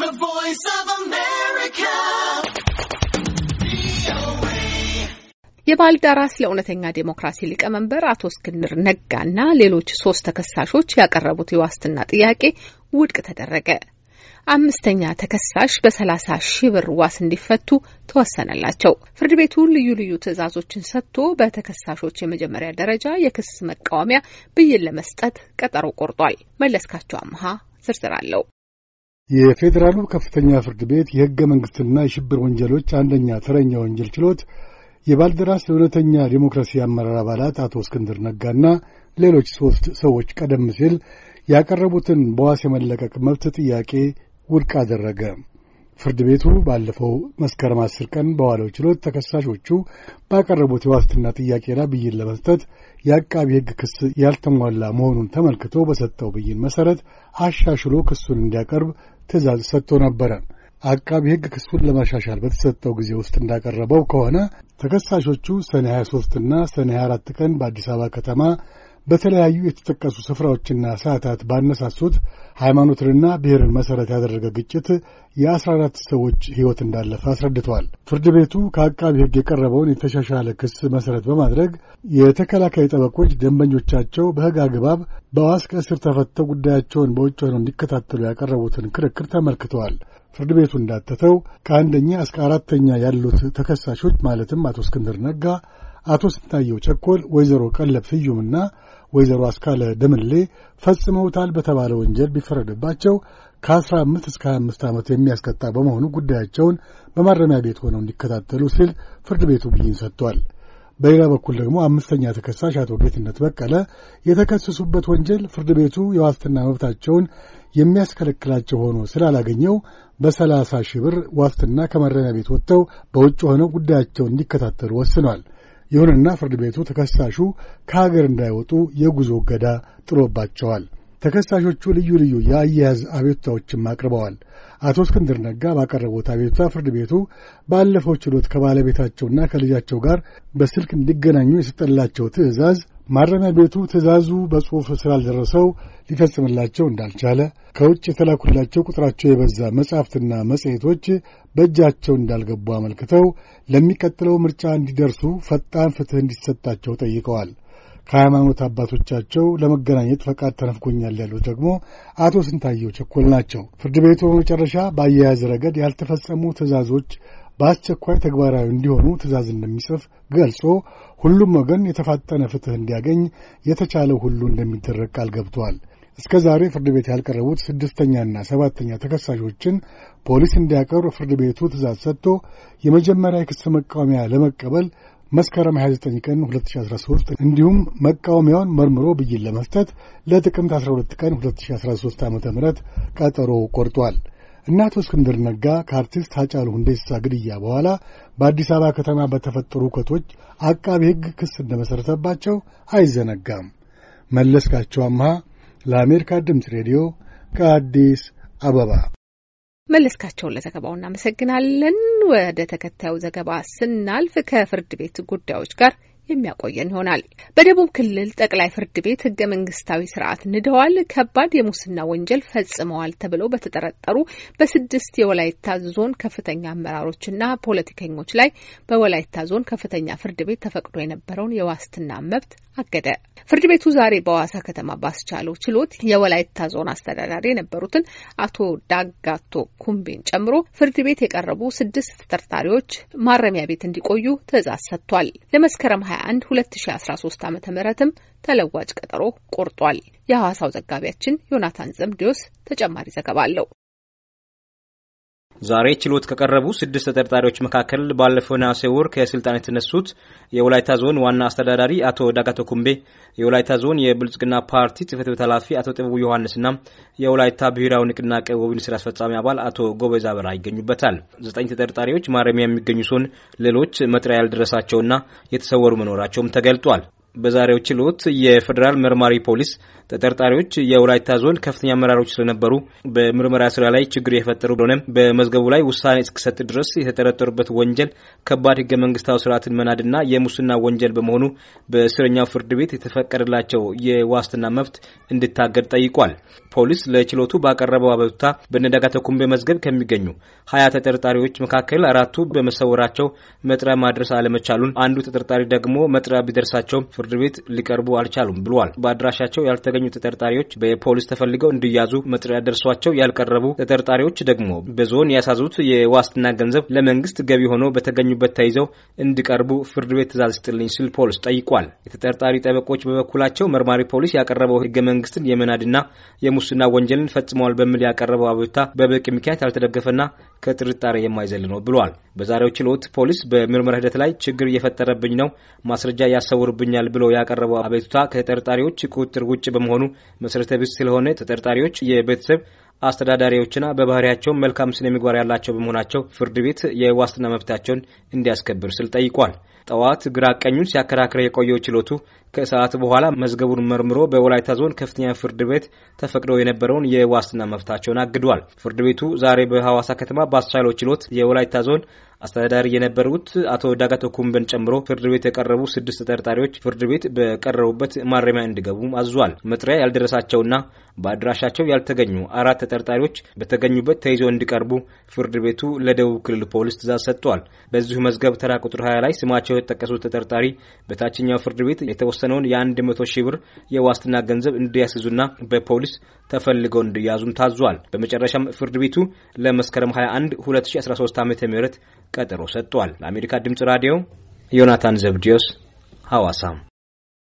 The Voice of America. የባልደራስ ለእውነተኛ ዴሞክራሲ ሊቀመንበር አቶ እስክንድር ነጋና ሌሎች ሶስት ተከሳሾች ያቀረቡት የዋስትና ጥያቄ ውድቅ ተደረገ። አምስተኛ ተከሳሽ በሰላሳ ሺህ ብር ዋስ እንዲፈቱ ተወሰነላቸው። ፍርድ ቤቱ ልዩ ልዩ ትዕዛዞችን ሰጥቶ በተከሳሾች የመጀመሪያ ደረጃ የክስ መቃወሚያ ብይን ለመስጠት ቀጠሮ ቆርጧል። መለስካቸው አምሃ ዝርዝር አለው። የፌዴራሉ ከፍተኛ ፍርድ ቤት የሕገ መንግሥትና የሽብር ወንጀሎች አንደኛ ተረኛ ወንጀል ችሎት የባልደራስ ለእውነተኛ ዴሞክራሲ አመራር አባላት አቶ እስክንድር ነጋና ሌሎች ሦስት ሰዎች ቀደም ሲል ያቀረቡትን በዋስ የመለቀቅ መብት ጥያቄ ውድቅ አደረገ። ፍርድ ቤቱ ባለፈው መስከረም አስር ቀን በዋለው ችሎት ተከሳሾቹ ባቀረቡት የዋስትና ጥያቄ ላይ ብይን ለመስጠት የአቃቢ ሕግ ክስ ያልተሟላ መሆኑን ተመልክቶ በሰጠው ብይን መሠረት አሻሽሎ ክሱን እንዲያቀርብ ትእዛዝ ሰጥቶ ነበረ። አቃቢ ሕግ ክሱን ለማሻሻል በተሰጠው ጊዜ ውስጥ እንዳቀረበው ከሆነ ተከሳሾቹ ሰኔ 23 እና ሰኔ 24 ቀን በአዲስ አበባ ከተማ በተለያዩ የተጠቀሱ ስፍራዎችና ሰዓታት ባነሳሱት ሃይማኖትንና ብሔርን መሠረት ያደረገ ግጭት የአስራ አራት ሰዎች ሕይወት እንዳለፈ አስረድተዋል። ፍርድ ቤቱ ከአቃቢ ሕግ የቀረበውን የተሻሻለ ክስ መሠረት በማድረግ የተከላካይ ጠበቆች ደንበኞቻቸው በሕግ አግባብ በዋስ ከእስር ተፈተው ጉዳያቸውን በውጭ ሆነው እንዲከታተሉ ያቀረቡትን ክርክር ተመልክተዋል። ፍርድ ቤቱ እንዳተተው ከአንደኛ እስከ አራተኛ ያሉት ተከሳሾች ማለትም አቶ እስክንድር ነጋ፣ አቶ ስንታየው ቸኮል፣ ወይዘሮ ቀለብ ስዩምና ወይዘሮ አስካለ ደምሌ ፈጽመውታል በተባለ ወንጀል ቢፈረድባቸው ከ15 እስከ 25 ዓመት የሚያስቀጣ በመሆኑ ጉዳያቸውን በማረሚያ ቤት ሆነው እንዲከታተሉ ሲል ፍርድ ቤቱ ብይን ሰጥቷል። በሌላ በኩል ደግሞ አምስተኛ ተከሳሽ አቶ ጌትነት በቀለ የተከሰሱበት ወንጀል ፍርድ ቤቱ የዋስትና መብታቸውን የሚያስከለክላቸው ሆኖ ስላላገኘው በሰላሳ ሺህ ብር ዋስትና ከማረሚያ ቤት ወጥተው በውጭ ሆነው ጉዳያቸውን እንዲከታተሉ ወስኗል። ይሁንና ፍርድ ቤቱ ተከሳሹ ከሀገር እንዳይወጡ የጉዞ እገዳ ጥሎባቸዋል። ተከሳሾቹ ልዩ ልዩ የአያያዝ አቤቱታዎችም አቅርበዋል። አቶ እስክንድር ነጋ ባቀረቡት አቤቱታ ፍርድ ቤቱ ባለፈው ችሎት ከባለቤታቸውና ከልጃቸው ጋር በስልክ እንዲገናኙ የሰጠላቸው ትዕዛዝ ማረሚያ ቤቱ ትእዛዙ በጽሑፍ ስላልደረሰው ሊፈጽምላቸው እንዳልቻለ፣ ከውጭ የተላኩላቸው ቁጥራቸው የበዛ መጻሕፍትና መጽሔቶች በእጃቸው እንዳልገቡ አመልክተው ለሚቀጥለው ምርጫ እንዲደርሱ ፈጣን ፍትሕ እንዲሰጣቸው ጠይቀዋል። ከሃይማኖት አባቶቻቸው ለመገናኘት ፈቃድ ተነፍጎኛል ያሉት ደግሞ አቶ ስንታየው ቸኮል ናቸው። ፍርድ ቤቱ በመጨረሻ በአያያዝ ረገድ ያልተፈጸሙ ትእዛዞች በአስቸኳይ ተግባራዊ እንዲሆኑ ትእዛዝ እንደሚጽፍ ገልጾ ሁሉም ወገን የተፋጠነ ፍትሕ እንዲያገኝ የተቻለው ሁሉ እንደሚደረግ ቃል ገብቷል። እስከ ዛሬ ፍርድ ቤት ያልቀረቡት ስድስተኛና ሰባተኛ ተከሳሾችን ፖሊስ እንዲያቀርብ ፍርድ ቤቱ ትእዛዝ ሰጥቶ የመጀመሪያ የክስ መቃወሚያ ለመቀበል መስከረም 29 ቀን 2013 እንዲሁም መቃወሚያውን መርምሮ ብይን ለመስጠት ለጥቅምት 12 ቀን 2013 ዓ ም ቀጠሮ ቆርጧል። እነ አቶ እስክንድር ነጋ ከአርቲስት አጫሉ ሁንዴሳ ግድያ በኋላ በአዲስ አበባ ከተማ በተፈጠሩ ውከቶች አቃቢ ሕግ ክስ እንደመሠረተባቸው አይዘነጋም። መለስካቸው አምሃ ለአሜሪካ ድምፅ ሬዲዮ ከአዲስ አበባ መለስካቸውን ለዘገባው እናመሰግናለን። ወደ ተከታዩ ዘገባ ስናልፍ ከፍርድ ቤት ጉዳዮች ጋር የሚያቆየን ይሆናል። በደቡብ ክልል ጠቅላይ ፍርድ ቤት ህገ መንግስታዊ ስርዓት ንደዋል፣ ከባድ የሙስና ወንጀል ፈጽመዋል ተብለው በተጠረጠሩ በስድስት የወላይታ ዞን ከፍተኛ አመራሮችና ፖለቲከኞች ላይ በወላይታ ዞን ከፍተኛ ፍርድ ቤት ተፈቅዶ የነበረውን የዋስትና መብት አገደ። ፍርድ ቤቱ ዛሬ በሐዋሳ ከተማ ባስቻለው ችሎት የወላይታ ዞን አስተዳዳሪ የነበሩትን አቶ ዳጋቶ ኩምቤን ጨምሮ ፍርድ ቤት የቀረቡ ስድስት ተጠርጣሪዎች ማረሚያ ቤት እንዲቆዩ ትዕዛዝ ሰጥቷል። ለመስከረም 21 2013 ዓ ም ተለዋጭ ቀጠሮ ቆርጧል። የሐዋሳው ዘጋቢያችን ዮናታን ዘምዲዮስ ተጨማሪ ዘገባ አለው። ዛሬ ችሎት ከቀረቡ ስድስት ተጠርጣሪዎች መካከል ባለፈው ነሐሴ ወር ከስልጣን የተነሱት የወላይታ ዞን ዋና አስተዳዳሪ አቶ ዳጋቶ ኩምቤ፣ የወላይታ ዞን የብልጽግና ፓርቲ ጽህፈት ቤት ኃላፊ አቶ ጥበቡ ዮሐንስና የወላይታ ብሔራዊ ንቅናቄ ወቢን ስራ አስፈጻሚ አባል አቶ ጎበዝ አበራ ይገኙበታል። ዘጠኝ ተጠርጣሪዎች ማረሚያ የሚገኙ ሲሆን ሌሎች መጥሪያ ያልደረሳቸውና የተሰወሩ መኖራቸውም ተገልጧል። በዛሬው ችሎት የፌዴራል መርማሪ ፖሊስ ተጠርጣሪዎች የወላይታ ዞን ከፍተኛ አመራሮች ስለነበሩ በምርመራ ስራ ላይ ችግር የፈጠሩ እንደሆነ በመዝገቡ ላይ ውሳኔ እስኪሰጥ ድረስ የተጠረጠሩበት ወንጀል ከባድ ህገ መንግስታዊ ስርዓትን መናድና የሙስና ወንጀል በመሆኑ በእስረኛው ፍርድ ቤት የተፈቀደላቸው የዋስትና መብት እንዲታገድ ጠይቋል። ፖሊስ ለችሎቱ ባቀረበው አቤቱታ በነዳጋ ተኩምቤ መዝገብ ከሚገኙ ሀያ ተጠርጣሪዎች መካከል አራቱ በመሰወራቸው መጥሪያ ማድረስ አለመቻሉን፣ አንዱ ተጠርጣሪ ደግሞ መጥሪያ ቢደርሳቸው ፍርድ ቤት ሊቀርቡ አልቻሉም ብሏል። በአድራሻቸው ያልተገኙ ተጠርጣሪዎች በፖሊስ ተፈልገው እንዲያዙ መጥሪያ ደርሷቸው ያልቀረቡ ተጠርጣሪዎች ደግሞ በዞን ያሳዙት የዋስትና ገንዘብ ለመንግስት ገቢ ሆኖ በተገኙበት ተይዘው እንዲቀርቡ ፍርድ ቤት ትዕዛዝ ስጥልኝ ሲል ፖሊስ ጠይቋል። የተጠርጣሪ ጠበቆች በበኩላቸው መርማሪ ፖሊስ ያቀረበው ህገ መንግስትን የመናድና የሙስና ወንጀልን ፈጽመዋል በሚል ያቀረበው አቤቱታ በበቂ ምክንያት ያልተደገፈና ከጥርጣሬ የማይዘል ነው ብሏል። በዛሬው ችሎት ፖሊስ በምርመራ ሂደት ላይ ችግር እየፈጠረብኝ ነው፣ ማስረጃ ያሰውርብኛል ብሎ ያቀረበው አቤቱታ ከተጠርጣሪዎች ቁጥጥር ውጭ በመሆኑ መሰረተ ቢስ ስለሆነ ተጠርጣሪዎች የቤተሰብ አስተዳዳሪዎችና በባህሪያቸው መልካም ስነ ምግባር ያላቸው በመሆናቸው ፍርድ ቤት የዋስትና መብታቸውን እንዲያስከብር ስል ጠይቋል። ጠዋት ግራ ቀኙን ሲያከራክረ የቆየው ችሎቱ ከሰዓት በኋላ መዝገቡን መርምሮ በወላይታ ዞን ከፍተኛ ፍርድ ቤት ተፈቅዶ የነበረውን የዋስትና መብታቸውን አግዷል። ፍርድ ቤቱ ዛሬ በሐዋሳ ከተማ በአስቻለው ችሎት የወላይታ ዞን አስተዳዳሪ የነበሩት አቶ ዳጋቶ ኩምበን ጨምሮ ፍርድ ቤት የቀረቡ ስድስት ተጠርጣሪዎች ፍርድ ቤት በቀረቡበት ማረሚያ እንዲገቡም አዟል። መጥሪያ ያልደረሳቸውና በአድራሻቸው ያልተገኙ አራት ተጠርጣሪዎች በተገኙበት ተይዘው እንዲቀርቡ ፍርድ ቤቱ ለደቡብ ክልል ፖሊስ ትእዛዝ ሰጥቷል። በዚሁ መዝገብ ተራ ቁጥር 20 ላይ ስማቸው የተጠቀሱት ተጠርጣሪ በታችኛው ፍርድ ቤት የተወሰነውን የ100 ሺህ ብር የዋስትና ገንዘብ እንዲያስዙና በፖሊስ ተፈልገው እንዲያዙም ታዟል። በመጨረሻም ፍርድ ቤቱ ለመስከረም 21 2013 ዓ ም ቀጠሮ ሰጥቷል። ለአሜሪካ ድምጽ ራዲዮ ዮናታን ዘብዲዮስ ሐዋሳም